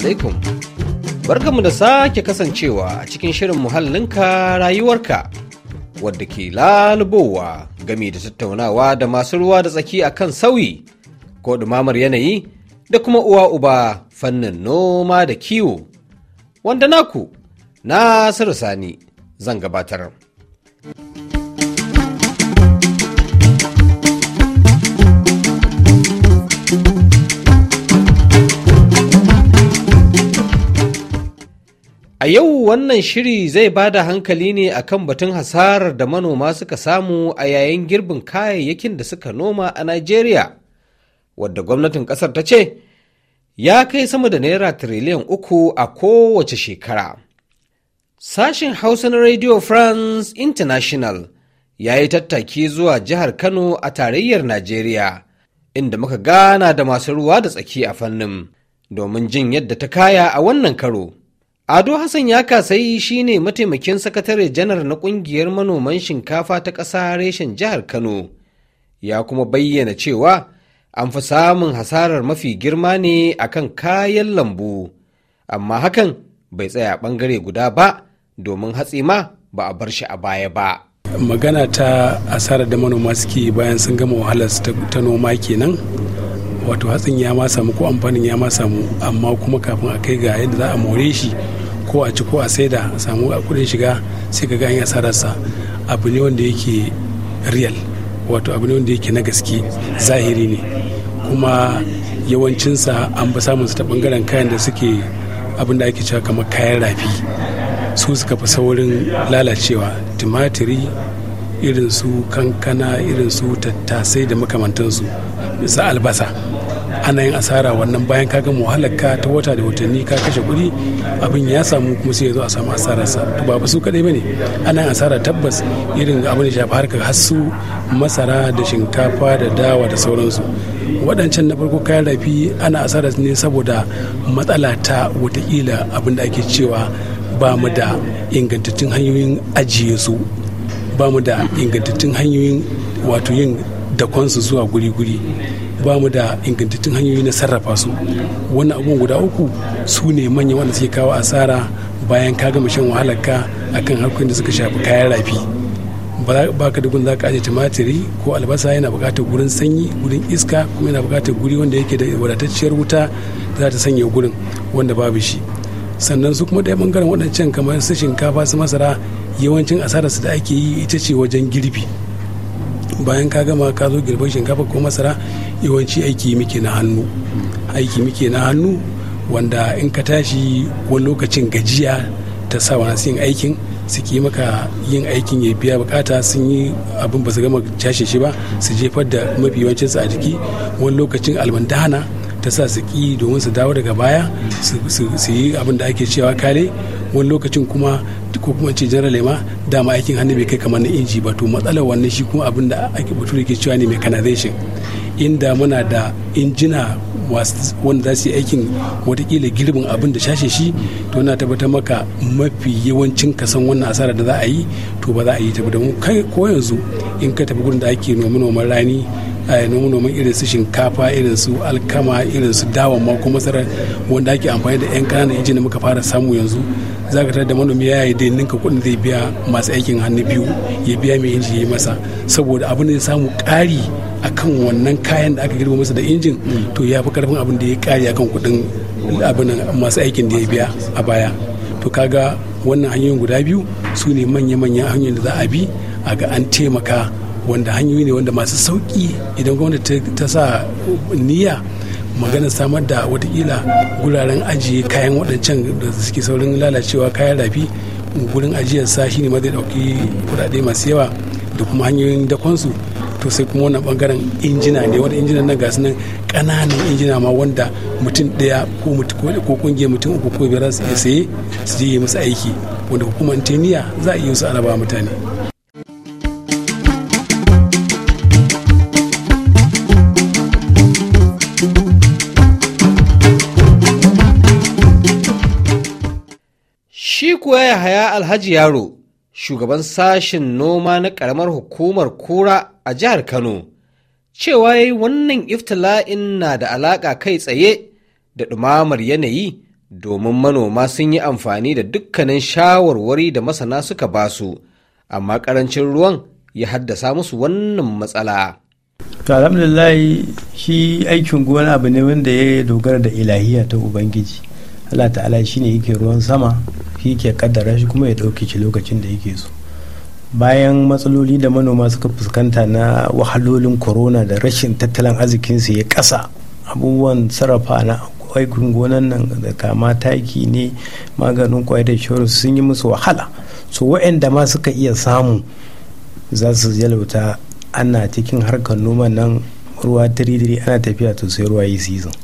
alaikum. mu da sake kasancewa a cikin shirin muhallinka rayuwarka wadda ke lalubowa game da tattaunawa da masu ruwa da tsaki a kan sauyi ko ɗumamar yanayi da kuma uwa uba fannin noma da kiwo. Wanda naku, Nasiru Sani zan gabatar. A yau wannan shiri zai ba da hankali ne a kan batun hasarar da manoma suka samu a yayin girbin kayayyakin da suka noma a Najeriya, wadda gwamnatin ƙasar ta ce, ya kai sama da naira tiriliyan uku a kowace shekara. Sashin Hausa na Radio France International ya yi tattaki zuwa jihar Kano a tarayyar Najeriya, inda muka gana da masu ruwa da tsaki a fannin, domin jin yadda ta kaya a wannan karo. Ado Hassan ya kasayi ne mataimakin sakatare janar na kungiyar manoman shinkafa ta ƙasa reshen jihar Kano. Ya kuma bayyana cewa an fi samun hasarar mafi girma ne a kan kayan lambu, amma hakan bai tsaya ɓangare guda ba domin hatsi ma ba a bar shi a baya ba. Magana ta asarar da manoma suke bayan sun gama wahalar ta noma kenan. wato hatsin ya ma samu ko amfanin ya ma samu amma kuma kafin a kai ga yadda za a more shi ko a ci ko a saida a samu a kudin shiga sai ka ga a yi asararsa abu ne wanda yake real wato abu ne wanda yake na gaske zahiri ne kuma yawancinsa an ba samun su ta bangaren kayan da suke abin da ake cewa kamar kayan rafi su suka fi saurin lalacewa timatiri irin su kankana irin su tattasai da makamantansu su albasa ana yin asara wannan bayan ka gama wahalar ka ta wata da watanni ka kashe kuɗi abin ya samu kuma sai ya zo a samu asararsa to ba su kaɗai ba ne ana yin asara tabbas irin abin da shafi harkar hasu masara da shinkafa da dawa da sauransu waɗancan na farko kayan rafi ana asarar ne saboda matsala ta watakila abin da ake cewa ba mu da ingantattun hanyoyin ajiye su ba mu da ingantattun hanyoyin wato yin dakonsu zuwa guri-guri ba mu da ingantattun hanyoyi na sarrafa su wannan abun guda uku su ne manya wanda suke kawo asara bayan ka gama shan wahalar ka akan harkokin da suka shafi kayan rafi ba ka dugun za ka aje tumatiri ko albasa yana bukatar gurin sanyi gurin iska kuma yana bukatar guri wanda yake da wadatacciyar wuta za ta sanya gurin wanda babu shi sannan su kuma ɗaya bangaren waɗancan kamar su shinkafa su masara yawancin asararsu da ake yi ita ce wajen girbi bayan ka gama ka zo girban shinkafa ko masara yawanci aiki muke na hannu aiki muke na hannu wanda in ka tashi wani lokacin gajiya ta sa wani yin aikin su suke maka yin aikin ya biya bukata sun yi abin ba su gama cashe shi ba su jefar da mafi yawancinsu a jiki wani lokacin almandana ta sa su ki domin su dawo daga baya su yi abin da ake cewa kale wani lokacin kuma ko kuma ce generally ma dama aikin hannu bai kai kamar na inji ba to matsalar wannan shi kuma abin da ake da ke cewa ne mechanization inda muna da injina wanda za su yi aikin watakila girbin abin da shashe shi to na tabbatar maka mafi yawancin kasan wannan asara da za a yi to ba za a yi ta ba kai ko yanzu in ka tafi gurin da ake nomi noman rani noman irin su shinkafa irin su alkama irin su dawon ma kuma masarar wanda ake amfani da yan kananan injin da muka fara samu yanzu za ka da manomi ya yi dai ninka kuɗin zai biya masu aikin hannu biyu ya biya mai inji ya yi masa saboda abin da ya samu ƙari akan wannan kayan da aka girma masa da injin to ya fi karfin abin da ya ƙari akan kuɗin abin masu aikin da ya biya a baya to kaga wannan hanyoyin guda biyu su ne manya-manyan hanyoyin da za a bi a ga an taimaka wanda hanyoyi ne wanda masu sauki idan gwamnati ta sa niyya magana samar da watakila guraren ajiye kayan waɗancan da suke saurin lalacewa kayan rafi gurin ajiyar sa ne ma zai ɗauki kuɗaɗe masu yawa da kuma hanyoyin dakonsu to sai kuma wannan ɓangaren injina ne wanda injinan nan gasu nan ƙananan injina ma wanda mutum ɗaya ko ƙungiyar mutum uku ko biyar su iya saye su je yi musu aiki wanda hukumar teniya za a iya su araba mutane kuwa haya Alhaji Yaro, shugaban sashen noma na ƙaramar hukumar Kura a jihar Kano, cewa yayi wannan iftila'in na da alaƙa kai tsaye da ɗumamar yanayi domin manoma sun yi amfani da dukkanin shawarwari da masana suka basu, amma ƙarancin ruwan ya haddasa musu wannan matsala. alhamdulillah shi aikin gona abu ne wanda ya dogara da ilahiya ta ubangiji allah ta'ala shi ne yake ruwan sama shi ke kaddara shi kuma ya dauke shi lokacin da yake so bayan matsaloli da manoma suka fuskanta na wahalolin corona da rashin tattalin arzikinsu ya kasa abubuwan sarrafa na aikin gonan nan da kama taki ne maganin kwaya da shoro sun yi musu wahala so wa'anda ma suka iya samu za su yalwata ana cikin harkar noman nan ruwa diri ana tafiya to sai ruwa yi season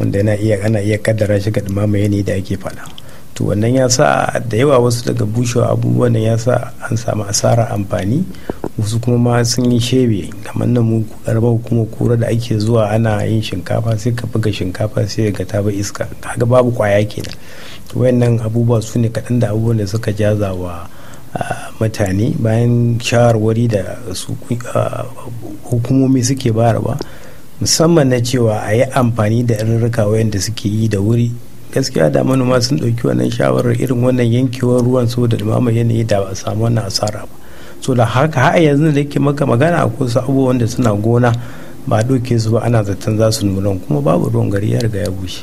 wanda yana iya ana iya kaddara shi ga dumama yanayi da ake faɗa. to wannan ya sa da yawa wasu daga bushewa abubuwan nan ya sa an samu asarar amfani wasu kuma ma sun yi shebe kamar nan mu kuma kura da ake zuwa ana yin shinkafa sai ka buga shinkafa sai ga ta ba iska kaga babu kwaya kenan wayannan abubuwa su ne kaɗan da abubuwan da suka jaza wa mutane bayan shawarwari da su hukumomi suke bayarwa musamman na cewa a yi amfani da irin rika wayanda suke yi da wuri gaskiya da manoma sun ɗauki wannan shawarar irin wannan yankewar ruwan so da dumamar yanayi da ba a samu wannan asara ba so da haka har yanzu da ke maka magana ko su abubuwan da suna gona ba doke su ba ana zaton za su nuna kuma babu ruwan gari ya riga ya bushe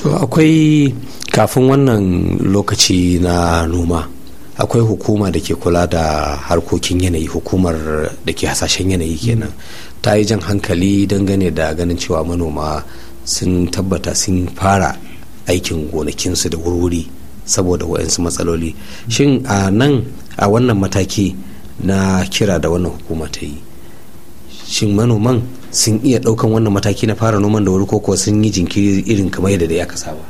to akwai kafin wannan lokaci na noma akwai hukuma da ke kula da harkokin yanayi hukumar da ke hasashen yanayi kenan ta yi jan hankali dangane da ganin cewa manoma sun tabbata sun fara aikin gonakinsu da wuri-wuri saboda wayansu matsaloli shin a nan a wannan mataki na kira da wannan hukuma ta yi shin manoman sun iya ɗaukan wannan mataki na fara noman da wuri ko sun yi jinkiri irin kamar yadda ya kasa ba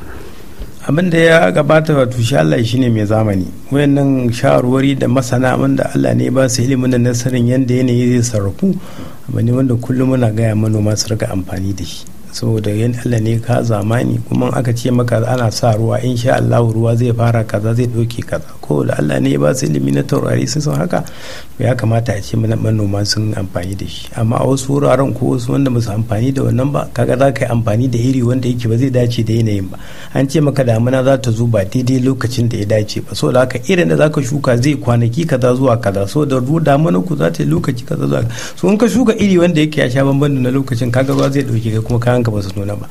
abin da ya gabata wato shi Allah shi ne mai zamani wayannan shawarwari da masana wanda Allah ne ba su ilimin da nasarin yadda yanayi zai sarrafu abu ne wanda kullum muna gaya manoma su rika amfani da shi saboda yan Allah ne ka zamani kuma aka ce maka ana sa ruwa insha allahu ruwa zai fara kaza zai ɗauke kaza ko Allah ne ya ba su ilimi na taurari sai sun haka ya kamata a ce manoma sun amfani da shi amma a wasu wuraren ko wasu wanda ba su amfani da wannan ba kaga za ka yi amfani da iri wanda yake ba zai dace da yanayin ba an ce maka damuna za ta zo ba daidai lokacin da ya dace ba so da haka irin da za ka shuka zai kwanaki kaza zuwa kaza so da ruwa damuna ku za ta yi lokaci kaza zuwa so in ka shuka iri wanda yake ya sha bambam na lokacin kaga ruwa zai dauke kai kuma kayan ka ba su nuna ba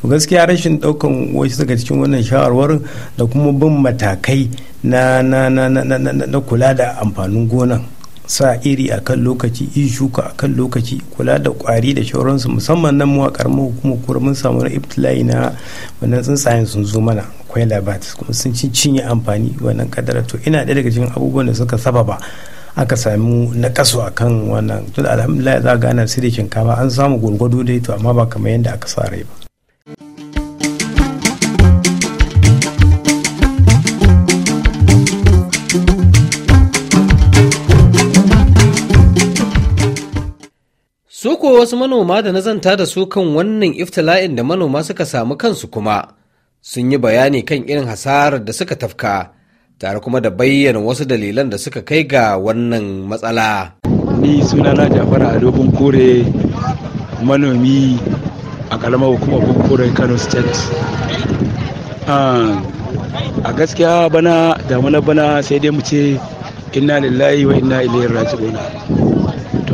to gaskiya rashin daukan wasu daga cikin wannan shawarwarin da kuma bin matakai na na na na na kula da amfanin gonan sa iri a kan lokaci yin shuka a kan lokaci kula da kwari da shauransu musamman nan mu karamu karamar hukumar kura mun samu na iftila'i na wannan tsuntsayen sun zo mana akwai labatis kuma sun ci cinye amfani wannan kadara to ina ɗaya daga cikin abubuwan da suka ba aka samu na kaso a kan wannan tun alhamdulillah za a gane sai da shinkafa an samu gwargwado dai to amma ba kamar yadda aka sa rai ba ko wasu manoma da na zanta da su kan wannan iftila'in da manoma suka samu kansu kuma sun yi bayani kan irin hasarar da suka tafka tare kuma da bayyana wasu dalilan da suka kai ga wannan matsala. Ni sunana Jafara a dogon kore manomi a kalamar hukumar Bunkure Kano State. Ah, a gaskiya bana damuna bana sai dai mu ce inna lillahi wa inna ilaihi raji'una.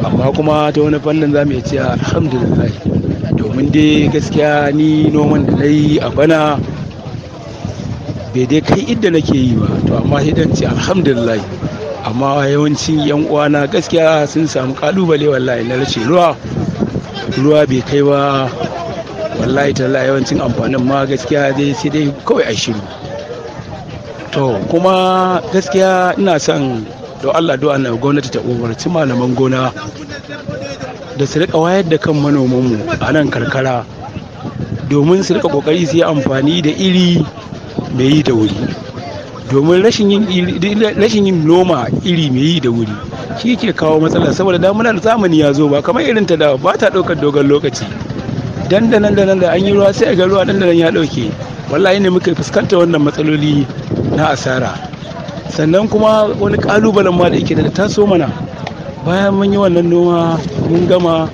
to amma kuma ta wani fannin za mu iya cewa alhamdulillah domin dai gaskiya ni noman da na a bana bai dai kai idda nake yi ba to amma hidan ce alhamdulillah amma yawancin yan uwana gaskiya sun samu kalubale wallahi na rashin ruwa ruwa bai kai ba wallahi talla yawancin amfanin ma gaskiya dai sai dai kawai a shiru to kuma gaskiya ina son don allah do na gwamnati ta umarci malaman gona da su rika wayar da kan manomanmu a nan karkara domin su rika kokari su yi amfani da iri mai yi da wuri domin rashin yin noma iri mai yi da wuri shi ke kawo matsala saboda damunar zamani ya zo ba kamar irin ta da ba ta ɗaukar dogon lokaci dandanan da nan da an yi ruwa sai a ga ruwa dandanan ya ɗauke wallahi ne muka fuskanta wannan matsaloli na asara sannan kuma wani kalubalen ma da yake da taso mana bayan mun yi wannan noma mun gama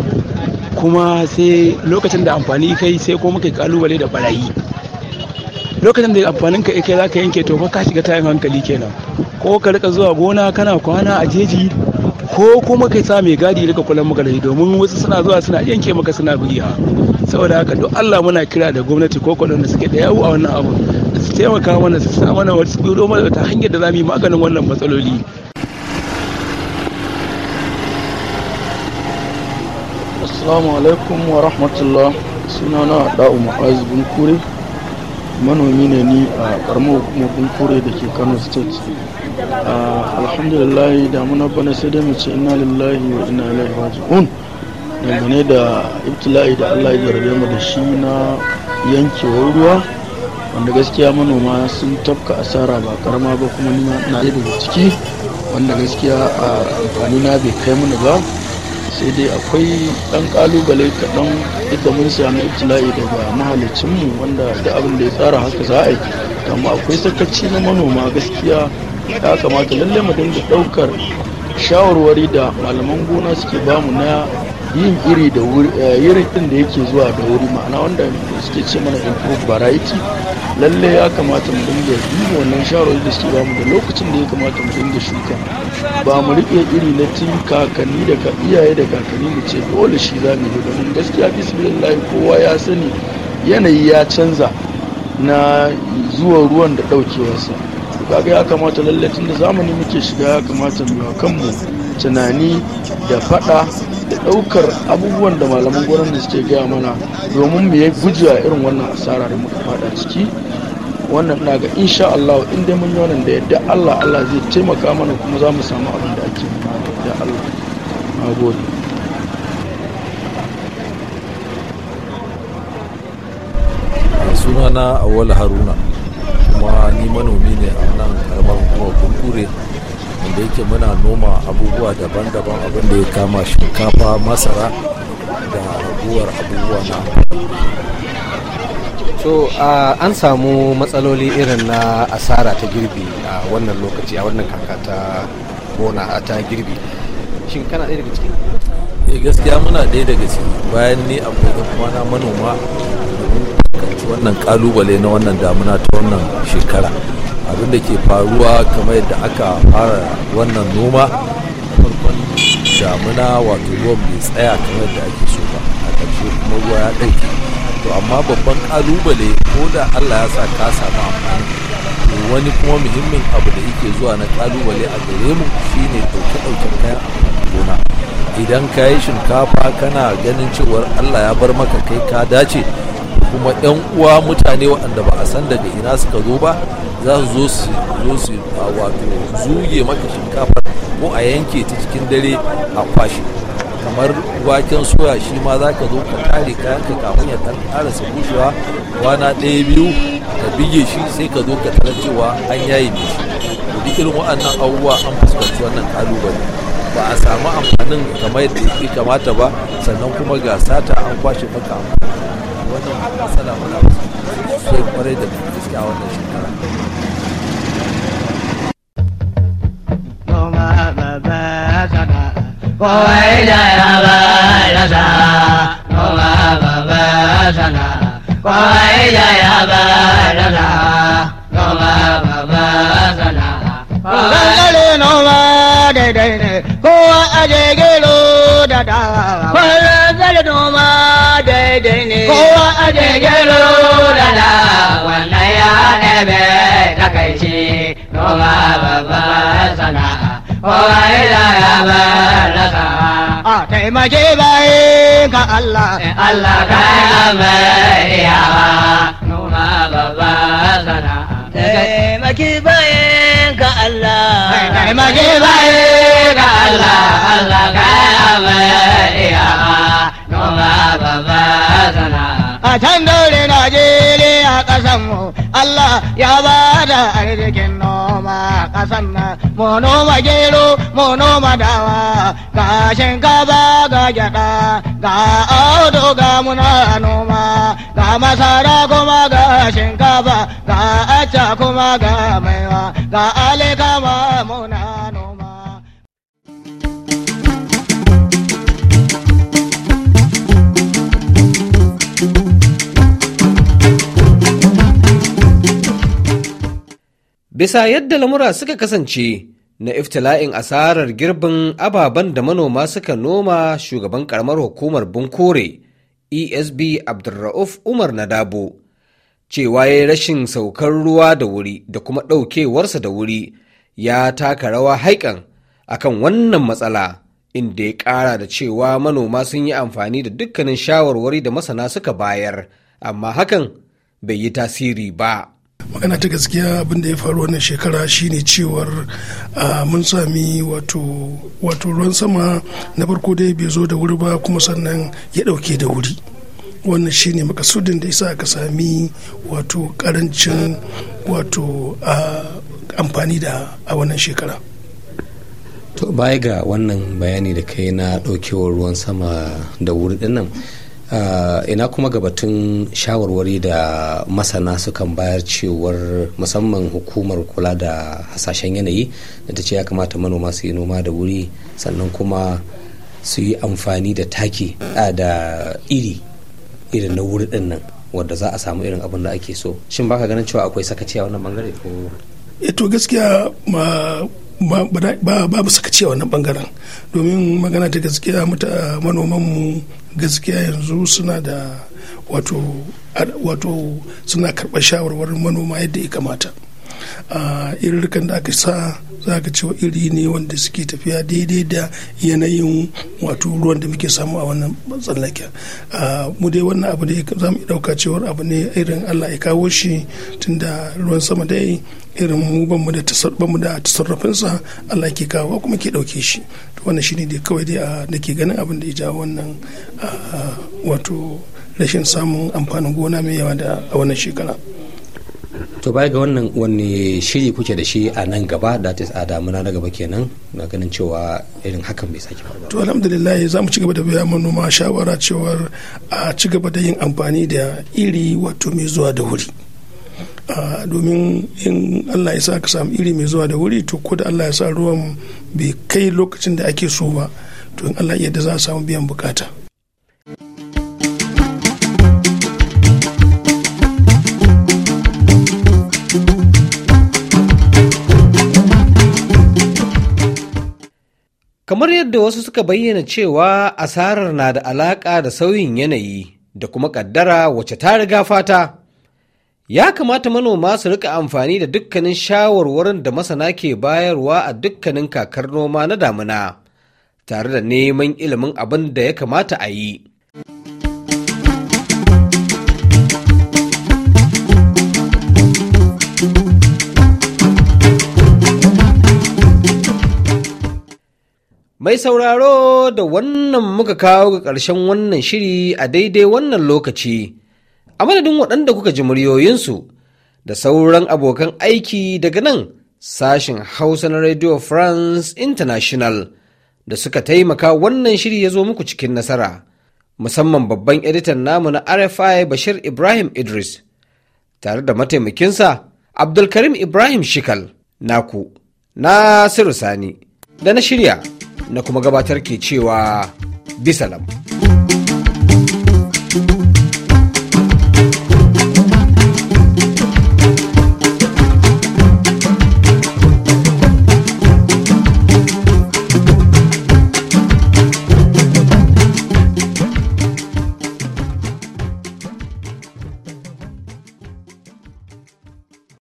kuma sai lokacin da amfani kai sai ko muka kalubale da barayi lokacin da amfanin ka kai zaka yanke to ka shiga tayin hankali kenan ko ka rika zuwa gona kana kwana a jeji ko kuma kai sa mai gadi rika kulan maka dai domin wasu suna zuwa suna yanke maka suna buriya saboda haka duk Allah muna kira da gwamnati ko kwadon da suke da yawo a wannan abu taimaka mana su sa mana wasu tsiro mana ta hanyar da za mu yi maganin wannan matsaloli assalamu alaikum wa rahmatullah suna na da'u ma'az kure manomi ne ni a karamar hukumar kure da ke kano state ah, alhamdulillah damuna bana sai dai mace ina lillahi wa inna ilaihi raji'un dangane da ibtila'i da allah ya jarabe mu da shi na yankewar ruwa wanda gaskiya manoma sun tafka asara ba karama ba kuma nima na yi daga ciki wanda gaskiya a amfani na bai kai mana ba sai dai akwai ɗan kalubale kaɗan inda mun samu ibtila'i daga mahalicinmu wanda da abin da ya tsara haka za a yi amma akwai sakaci na manoma gaskiya ya kamata lallai mu dinga ɗaukar shawarwari da malaman gona suke bamu na yin iri da wuri yirin eh, da yake zuwa da wuri ma'ana wanda suke ce mana improve variety lalle ya kamata mu dinga duba wannan shawarwari da suke bamu da lokacin da ya kamata mu dinga shuka ba mu riƙe iri na tun kakanni da iyaye da kakanni mu ce dole shi za mu yi domin gaskiya bismillah kowa ya sani yanayi ya canza na zuwa ruwan da ɗaukewarsa kaga ya kamata lalle tun da zamani muke shiga ya kamata mu kanmu tunani da faɗa da ɗaukar abubuwan da malaman gwanon da suke gaya mana domin mu ya gujewa irin wannan asara da muka fada ciki wannan na ga insha Allah in mun yi wannan da yadda Allah Allah zai taimaka mana kuma za mu samu abin da ake da Allah na gode sunana awal haruna kuma ni manomi ne a nan karamar kuma kunkure wanda yake muna noma abubuwa daban-daban abinda ya kama shinkafa masara da raguwar abubuwa na so uh, an samu matsaloli irin na asara ta girbi a uh, wannan lokaci a wannan kaka ta gona a ta girbi shin kana ɗaya daga ciki eh gaskiya muna ɗaya daga ciki bayan ni abokan kuma na manoma domin wannan kalubale na wannan damuna ta wannan shekara abin da ke faruwa kamar yadda aka fara wannan noma farkon damuna wato ruwan bai tsaya kamar yadda ake so ba a ƙarshe kuma ruwa ya ɗauke to amma babban ƙalubale ko da allah ya sa ka samu amfani to wani kuma muhimmin abu da yake zuwa na ƙalubale a gare mu shine ɗauke ɗauken kayan amfanin gona idan ka yi shinkafa kana ganin cewar allah ya bar maka kai ka dace kuma 'yan uwa mutane waɗanda ba a san daga ina suka zo ba za su zo su zo su wato zuge maka shinkafar ko a yanke ta cikin dare a kwashe kamar waken soya shi ma za ka zo ka kare kayan ka kafin ya dan karasa bushewa kwana ɗaya biyu ka bige shi sai ka zo ka tarar cewa an yayi shi duk irin wa'annan abubuwa an fuskanci wannan kalubale ba a samu amfanin kamar yadda ya kamata ba sannan kuma ga sata an kwashe maka wannan matsala mana sai kwarai da gaskiya wannan shekara Oh, my God. daidai ne kowa a je gero da dawa kwallon zai noma daidai ne kowa a je gero da dawa wannan ya ɗebe takaici noma babba sana'a kowa ila ya bar A taimake bayan ka Allah. Eh, Allah ka yi amariyawa, noma babba sana'a. Taimaki bayan I'm a Allah, Allah, Allah, Allah, Allah, Allah, Allah, Allah, can daure Najeriya ƙasan mu Allah ya ba da arzikin noma ƙasan nan mu noma gero mu noma dawa ga shinkafa ga gyaɗa ga auto ga muna noma ga masara kuma ga shinkafa ga acca kuma ga maiwa ga alikama muna bisa yadda lamura suka kasance na iftila'in asarar girbin ababen da manoma suka noma shugaban karamar hukumar bunkore esb abdulra'uf umar na dabo cewa ya rashin saukar ruwa da wuri da kuma ɗaukewarsa da wuri ya taka rawa haikan akan wannan matsala inda ya ƙara da cewa manoma sun yi amfani da dukkanin shawarwari da masana suka bayar amma hakan bai yi tasiri ba. magana ta gaskiya abin da ya faru wannan shekara shine cewar mun sami wato ruwan sama na farko dai bai zo da wuri ba kuma sannan ya dauke da wuri wannan shine makasudin da isa aka sami wato karancin wato amfani da a wannan shekara to baya ga wannan bayani da kai na daukewar ruwan sama da wuri dinnan Uh, ina kuma gabatun shawarwari da masana sukan bayar cewar musamman hukumar kula da hasashen yanayi da ta ce ya kamata manoma su yi noma da wuri sannan kuma su yi amfani da taki da iri irin na wuri din nan wadda za a samu irin abin da ake so shin baka ganin cewa akwai sakaci a wannan bangare ko eto eh, gaskiya ma babu saka cewa wannan bangaren domin magana ta gaskiya mata mu gaskiya yanzu suna da wato suna karɓar shawarwarin manoma yadda ya kamata a ah, irin da aka sa za ka cewa iri ne wanda suke tafiya daidai da yanayin wato ruwan da muke samu a wannan tsallaken mu dai wannan abu ne za mu ɗauka cewar abu ne irin allah ya kawo shi tunda ruwan sama dai irin mu ban mu da tasarrafinsa Allah ke kawo kuma ke dauke shi to shi ne da kawai dai a ke ganin abin da ya jawo wannan wato rashin samun amfanin gona mai yawa da a wannan shekara to baya ga wannan wani shiri kuke da shi a nan gaba da ta a damuna na gaba kenan na ganin cewa irin hakan bai sake faruwa to alhamdulillah za mu ci gaba da biya manoma shawara cewar a ci gaba da yin amfani da iri wato mai zuwa da wuri domin in allah ya sa ka samu iri mai zuwa da wuri to ko da allah ya sa ruwan bai kai lokacin da ake so ba to in allah ya yarda za a samu biyan bukata Kamar yadda wasu suka bayyana cewa asarar na da alaƙa da sauyin yanayi da kuma ƙaddara wacce ta riga fata. Ya kamata manoma su rika amfani da dukkanin shawarwarin da masana ke bayarwa a dukkanin kakar noma na damuna, tare da neman ilimin abin da ya kamata a yi. Mai sauraro da wannan muka kawo ga ƙarshen wannan shiri a daidai wannan lokaci, a madadin waɗanda kuka ji muryoyinsu da sauran abokan aiki daga nan sashin Hausa na Radio France International da suka taimaka wannan shiri ya zo muku cikin nasara, musamman babban editan namu na RFI Bashir Ibrahim Idris, tare da mataimakinsa Abdulkarim Ibrahim Shikal, naku, Nasiru Sani, da na shirya. na kuma gabatar ke cewa bisalam.